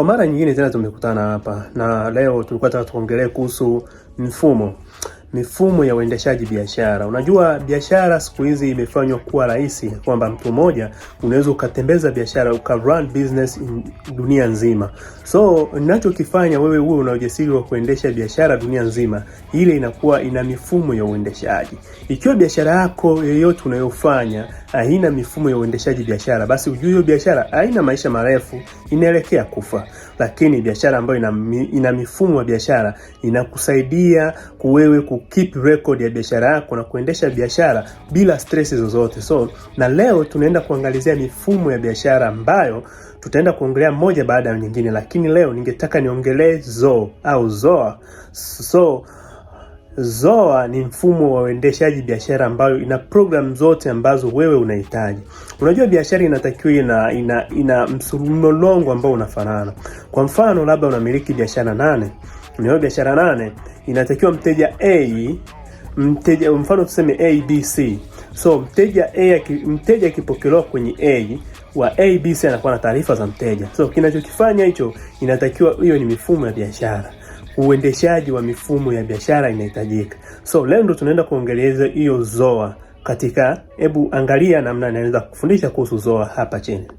Kwa mara nyingine tena tumekutana hapa na leo tulikuwa tunataka tuongelee kuhusu mfumo mifumo ya uendeshaji biashara. Unajua biashara siku hizi imefanywa kuwa rahisi, kwamba mtu mmoja unaweza ukatembeza biashara uka run business in dunia nzima. So ninachokifanya wewe uwe una ujasiri wa kuendesha biashara dunia nzima, ile inakuwa ina mifumo ya uendeshaji. Ikiwa biashara yako yoyote unayofanya ah, haina mifumo ya uendeshaji biashara, basi ujue hiyo biashara haina maisha marefu, inaelekea kufa. Lakini biashara ambayo ina, ina mifumo ya biashara inakusaidia kuwewe ku kukeep record ya biashara yako na kuendesha biashara bila stress zozote. So na leo tunaenda kuangalizia mifumo ya biashara ambayo tutaenda kuongelea moja baada ya nyingine, lakini leo ningetaka niongelee ZOA au ZOA. So ZOA ni mfumo wa uendeshaji biashara ambayo ina program zote ambazo wewe unahitaji. Unajua biashara inatakiwa ina, ina, ina mlolongo ambao unafanana. Kwa mfano labda unamiliki biashara nane, unayo biashara nane inatakiwa mteja A, mteja mfano tuseme ABC. So mteja A, mteja akipokelewa kwenye A wa ABC anakuwa na taarifa za mteja. So kinachokifanya hicho, inatakiwa hiyo ni mifumo ya biashara uendeshaji wa mifumo ya biashara inahitajika. So leo ndo tunaenda kuongeleza hiyo ZOA katika, hebu angalia namna naweza kufundisha kuhusu ZOA hapa chini.